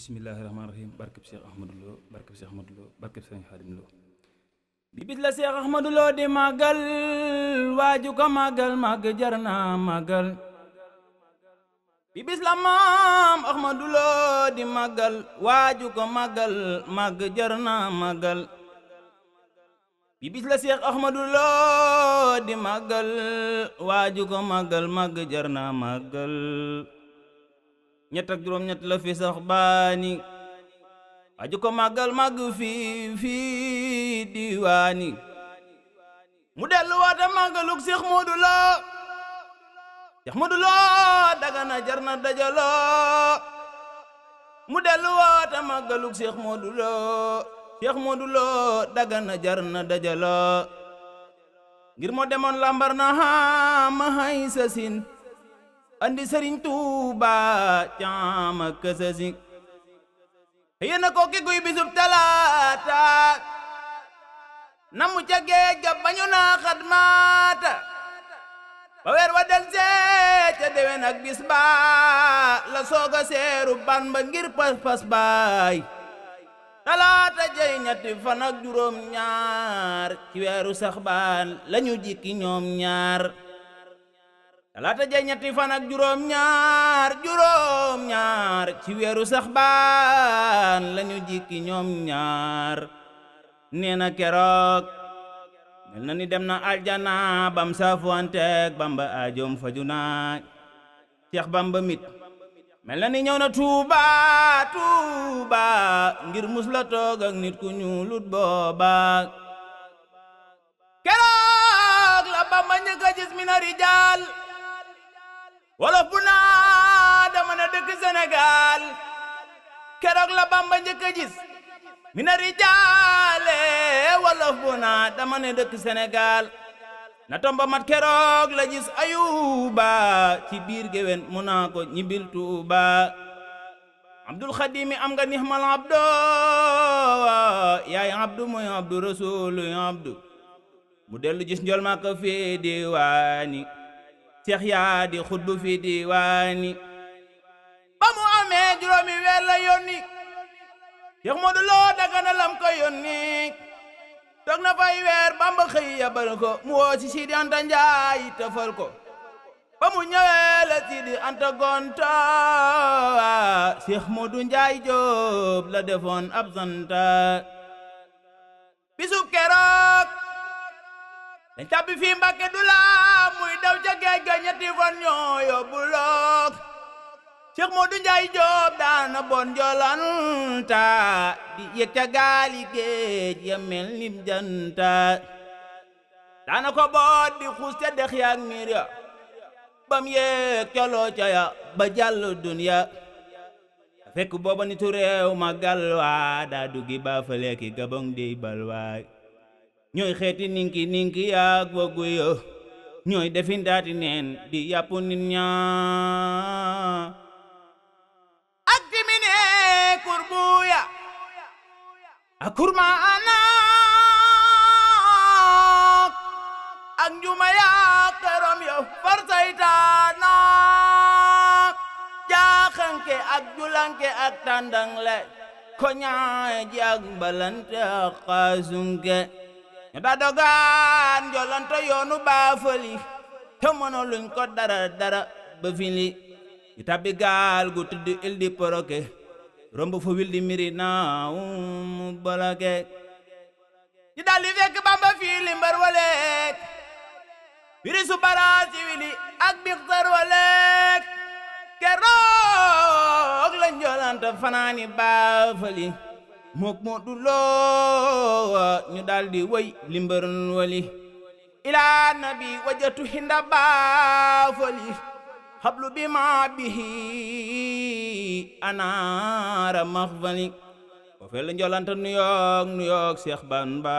bismillaahi rahmaani bi bis la Cheikh Ahmadou di màggal waaju ko màggal màgg jar naa bi bis la maam Ahmadou di màggal waaju ko màggal màgg jar naa ñett ak juróom-ñett la fi sax baani aju ko màggal màgg fii fii diwaani mu dellu waata màggalug Seex Moodu Lo Seex Moodu Lo dagana jar na dajaloo mu dellu waata màggalug Seex Moodu Lo Seex Moodu Lo dagana jar na dajaloo ngir moo demoon lambar na ha ma hay sa andi sëriñ Tuuba caama kësësi yéena ko ki guy bisub talaata namu ca géej ga bañu naa xat ba weer wa del see ca déwén ak bis la sooga seeru ban ba ngir pas baay talaata jey ñetti fan ak juróom ñaar ci weeru sax baan lañu jikki ñoom ñaar laata jay ñetti fan ak juróom ñaar juróom ñaar ci weeru sax baan lañu jikki ñoom ñaar nee na keroog mel na ni dem na aljana bam saafuwanteeg bamba ajoom faju naaj ceex bamba mit mel na ni ñëw na tuuba tuuba ngir mus la toog ak nit ku ñuulut booba keroog la bamba njëkk a gis mi na rijaal wolof bu naa dama na dëkk Sénégal keroog la Bamba njëkk a gis mi na rijaale wolof naa dama na dëkk Sénégal na tomba mat keroog la gis ayuba ci biir géwén mu naa ko ñibil Tuuba Abdul Xadimi am nga nihmal abdo yaay abdu mooy abdu rasulu abdu mu dellu gis njol ma ko seex yaa di xutbu fi diwaani ba mu amee juróomi weer la yónni seex Moodu Lo Dagana lam ko yónni toog na fay weer Bamba xëy yabal mu woo si Sidi Anta Njaay tëfal ko ba mu ñëwee la Sidi Anta gonta seex Moodu Njaay Jóob la defoon absenta bisub dañ tàbbi fii Mbàkke du la muy daw ca géej ga ñetti fan ñoo yóbbu loog Cheikh Modou Ndiaye Diop daana bon jolanta di yëg ca gaali géej ya mel nim janta daana ko boot di xuus ca dex yaak miir ya bam yéeg coloo ca ya ba jàll dunya fekk booba nitu réew ma galwaa daa dugi ba faleeki gabong dey balwaay ñooy xeeti ninki ninki yaag waggu yo ñooy defindaati neen di yàppu nit ña ak timine kurbuya a kurma anaak ak njuma yaag këram yo farsaytaanaak jaaxanke ak julanke ak tàndangle ko ñaaji ak balante ak xaasunke ñu daa dogaan jolonto yoonu baafali te ko dara dara ba fili ñu tabbi gaal gu tudd il di poroke romb fa wil miri naaw um, boloke ñu daal di fekk bamba mbar waleek biri su baraasi wili ak bixtar waleek keroog la jolonto fanaani baafali mook Modou Lo ñu daldi woy limbarun wali ila nabi wajatu hinda baafali hablu bi ma bihi anaara maxfali o fel njolanta nu yoog nu yoog Seex Bamba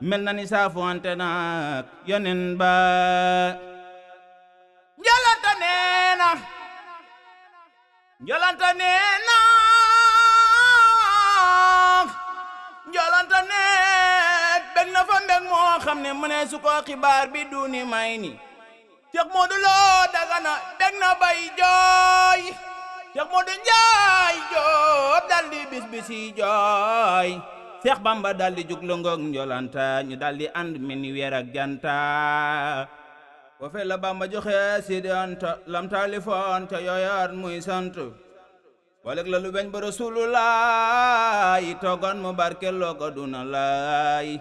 mel na ni saafu naak yonen ba mu ne xibaar bi duni may ni Cheikh Modou Lo Dagana bég na bay jooy Cheikh Modou Njaay Joob dal di bis jooy Cheikh Bamba daldi di jug longoog njolanta ñu dal di ànd min weer ak janta wa fe la Bamba joxe si doonta lam taalifoon ca yooyaat muy sant walek la lu beñ ba Rasulullah yi toogoon mu barke loo ko duna lay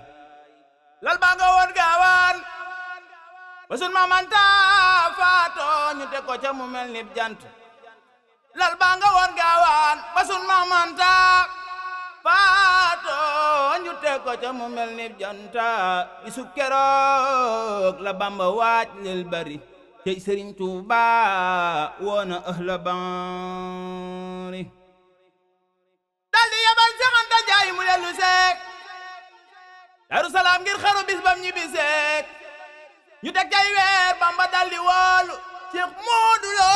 lal ba nga woon gaawaan ba sun mamanta faatoo ñu teg ko ca mu mel ni jant lal ba nga woon gaawaan ba sun mamanta faatoo ñu teg ko ca mu mel ni janta bisu keroog la bamba waaj lil bari tey sëriñ Tuuba woona ahla bari daldi yabal saxanta jaay mu lelu seek daru salaam ngir xaru bis bam ñi biseek ñu teg cay weer bamba daldi woolu Seex Moodu Lo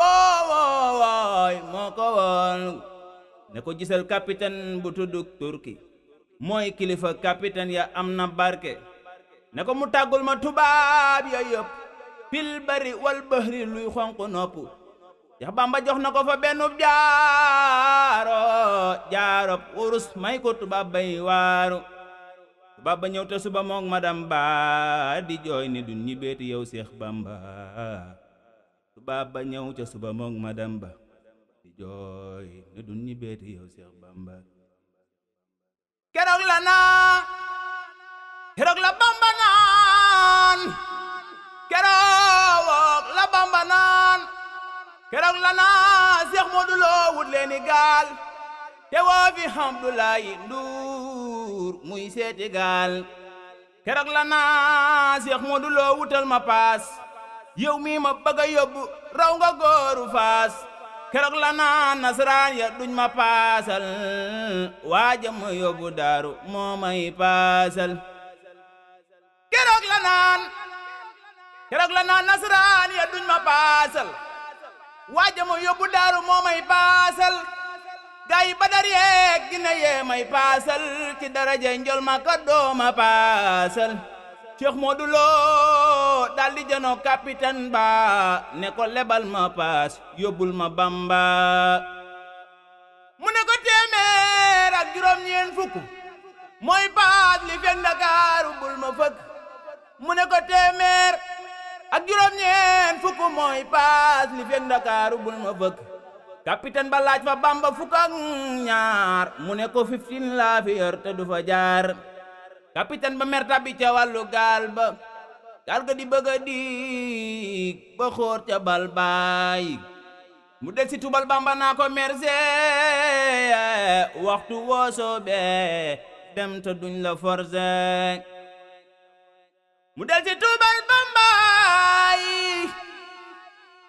wooy moo ko woolu ne ko gisal capitaine bu tudd turki mooy kilifa capitaine ya am na barke ne ko mu tàggul ma tubaab ya yëpp pil bari wal bahri luy xonq nopp yax bamba jox na ko fa benn jaaro jaarop urus may ko tubaab bay waaru ba ba ñëw te suba mook madam ba di jooy ni duñ ñibbeeti yow Seex Bamba suba ba ñëw ca suba mook madam di jooy ni duñ ñibbeeti yow Seex Bamba keroog la naan keroog la Bamba naan keroog la Bamba naan keroog la naan wut leeni gaal te woo fi Hamdulaay Ndu buur muy seeti gaal keroog la naa Seex Moodu Lo wutal ma paas yow mii ma bëgg a raw nga góoru faas keroog la naa nasaraan ya duñ ma paasal waaja ma yóbbu daaru moo may paasal keroog la naan keroog la naan nasaraan ya duñ ma paasal waaja ma yóbbu daaru moo may paasal gay badar yeeg dina yee may paasal ci daraja ma ka dooma paasal Cheikh Modou Lo daldi janoo capitaine ba ne ko lebal ma paas yóbbul ma Bamba mu ne ko téeméer ak juróom ñeen fukk mooy paas li fekk Ndakaaru bul ma fëgg mu ne ko téeméer ak juróom ñeen fukk mooy paas li fekk Ndakaaru bul ma fëgg capitaine ba laaj fa bamba fukk ak ñaar mu ne ko fiftin te du fa jaar capitaine ba mer bi ca wàllu gaal ba di bëgg a diig ba xóor ca bal baay mu del si tubal bamba naa ko merse waxtu woosoo dem te duñ la forcé mu del si tubal bamba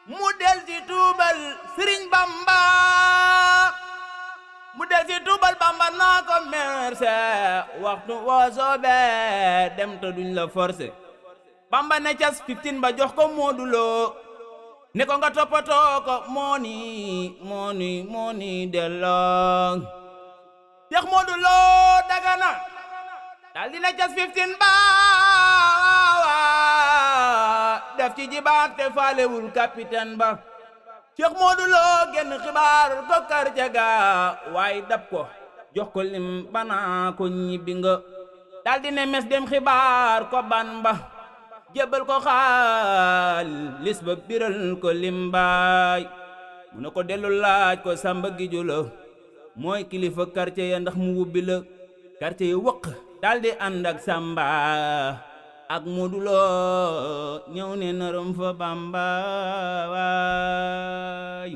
mu del si tuubal Sëriñ Bamba mu del si tuubal Bamba naa ko merse waxtu woo soobe dem te duñ la forcé Bamba ne cas ba jox ko mooduloo ne ko nga toppatoo ko mooni mooni mooni delloo Seex mooduloo dagana daal dina cas ba daf ci jibaat faalewul capitaine ba Cheikh Modou Lo genn xibaar ko kar jaga waaye dab ko jox ko lim banaa ko ñibbi nga daldi ne mes dem xibaar ko ban ba jébbal ko xaalis ba biral ko limbaay mu ne ko dellu laaj ko sàmba giju la mooy kilifa quartier ya ndax mu wubbi la quartier ya wëq daldi ànd sàmba ak Modou Lo ñëw ne naram fa Bamba waay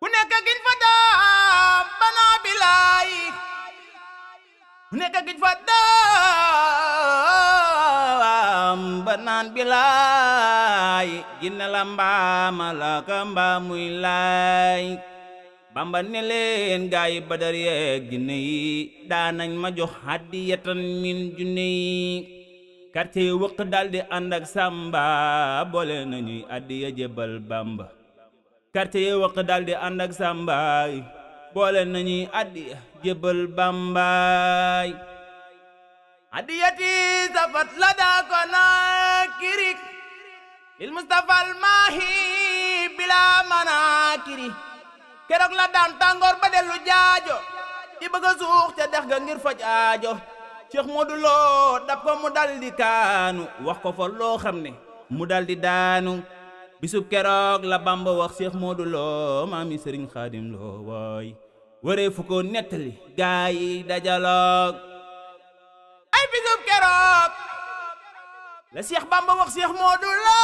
ku nekk giñ fa daam banaa bilaay ku nekk giñ fa daam banaan la mbaama la ka mbaamuy laay Bamba ne leen gaay badar yeeg ginne yi daanañ ma jox hadiyatan min junne yi quartier wëq daldi ànd ak sàmba boole nañuy addiya jébbal bàmba quartier wëq daldi àndak ak sàmbaay boole nañuy addiya jébbal bàmbaay adiyati safat la daa naa kirik il mustafa al maahi bilaa manaa kiri keroog la daan tàngoor ba dellu jaajo di bëgg a ca dex ga ngir faj aajo Cheikh Modou Lo dab mu daldi kaanu wax ko fa loo xam ne mu daldi daanu bisub keroog la Bamba wax Cheikh Modou Lo maami Serigne Khadim Lo wooy waree fu ko nettali gaa yi dajaloog ay bisub keroog la Cheikh Bamba wax Cheikh Modou Lo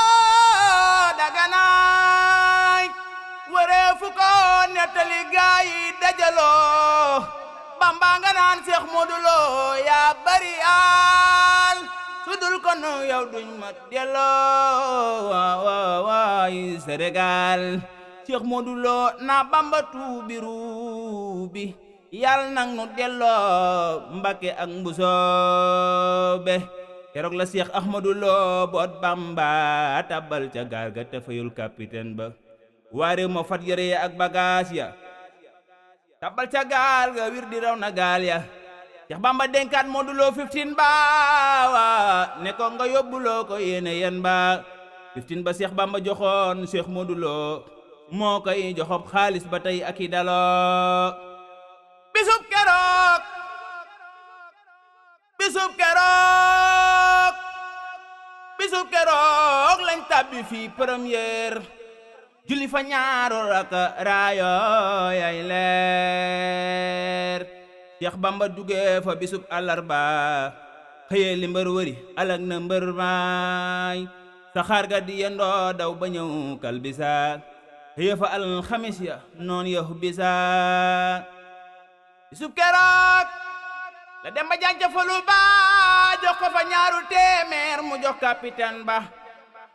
daganaay waree fu ko nettali gaa yi dajaloo bamba nga naan seex modulo yaa bari al sudul kono yow duñ ma delloo waay Sénégal seex modulo na bamba tuubi ruubi yàlla nag nu delloo Mbàkke ak mbusoobe keroog la seex Ahmadu Lo boot bamba tabal ca gaal ga te fayul ba waare ma fat yére ya ak bagage ya tabal ca gaal ga wir di raw na gaal ya Seex Bamba denkaat Modou baawa ne nga yóbbuloo ko yéene yen ba 15 ba Seex Bamba joxoon Seex Modou Lo moo koy joxob xaalis ba tey ak i daloo bisub keroog bisub keroog bisub keroog lañ tàbbi fii première julli fa ñaaru raka raayo yay leer Seex Bamba duggee fa bisub àllarba xëyee li mbër wëri alag na mbër maay saxaar ga di yendoo daw ba ñëw kal fa alxamis ya noon ya hubbisa bisub keroog la dem ba jànca fa lu ba jox ko fa ñaaru téeméer mu jox capitaine ba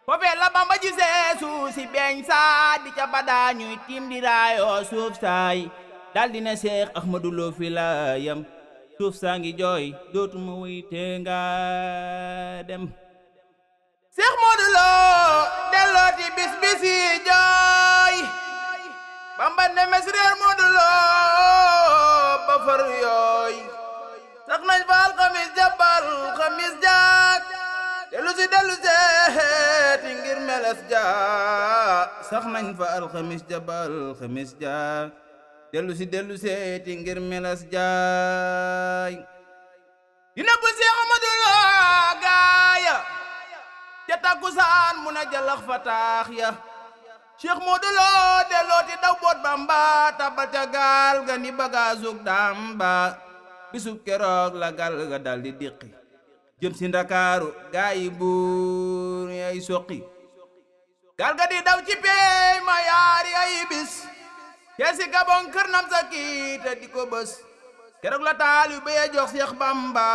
foofee la Bamba gisee suuf si beeñ saa ca badaa ñuy tiim di suuf saay dal dina Seex Ahmadu Lo fi la yam suuf saa ngi jooy dootuma wuy nga dem Seex Ahmadu Lo dellooti bis bis yi jooy Bamba ne mes réer Modou Lo yooy sax nañ faal xamis ja bal xamis ja dellu si dellu ngir meles ja sax nañ fa alxamis ja ba alxamis ja dellu si dellu seeti ngir meles jaay dina bu si amaduloo gaaya ja takkusaan mu na jalax fa taax ya Cheikh Modou Lo dellooti daw boot Bamba tabal ca gaal ga ni bagaasug Damba bisub keroog la gaal ga dal diqi jëm si ndakaaru gaa buur ay soqi gaal di daw ci peey ma yaari ay bis keesi gabon kër nam sa kiita di ko bës keroog la taalibe ya jox Seex Bamba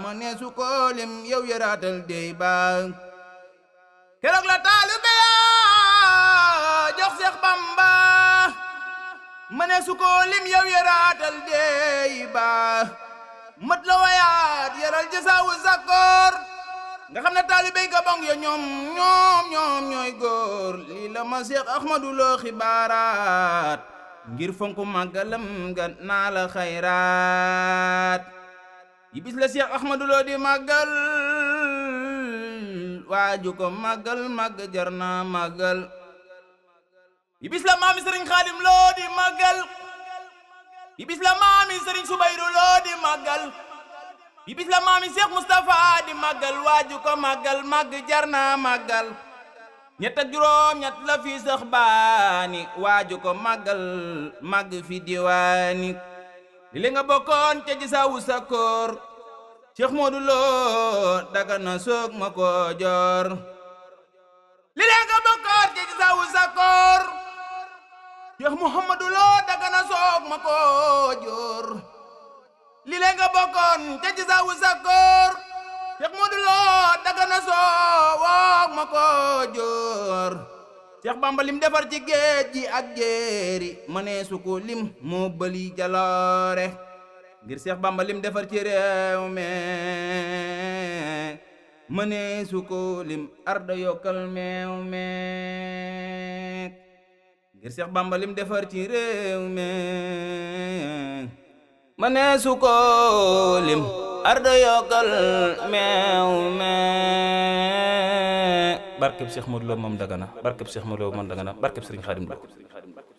ma neesu ko lim yow dey ba keroog la taalibe ya jox Seex Bamba ma neesu ko lim yow dey ba la nga xam ne taalibey ka bong ya fonk màggalam ga naa la xayraat yi bis la Cheikh Ahmadou Lo di waaju ko màggal màgg jar naa yi bis la maami Sëriñ Xaadim Lo bi bis la maami Cheikh Moustapha di màggal waaju ko màggal màgg jar naa màggal ñett ak juróom ñett la fii sax waaju ko màggal màgg fi diwaani li nga bokkoon ca ji sawu sa koor Cheikh Modou Lo soog ma ko joor li nga bokkoon ca ji sawu sa koor Cheikh Mouhamadou soog ma ko joor li leen nga bokkoon ca ci sawu sakkoor Cheikh Modou Lo dagana soo woog ma ko joor Cheikh Bamba lim defar ci géej gi ak jéeri ma ne ko lim moo bëli jaloore ngir Cheikh Bamba defar ci réew me ma ko lim arda yokkal meew meek ngir Cheikh Bamba defar ci réew me ma nee su ko lim arda yokkal meew mee barkeb Cheikh Modou Lo Dagana barkeb Cheikh Modou Lo Dagana barkeb Serigne Khadim Lo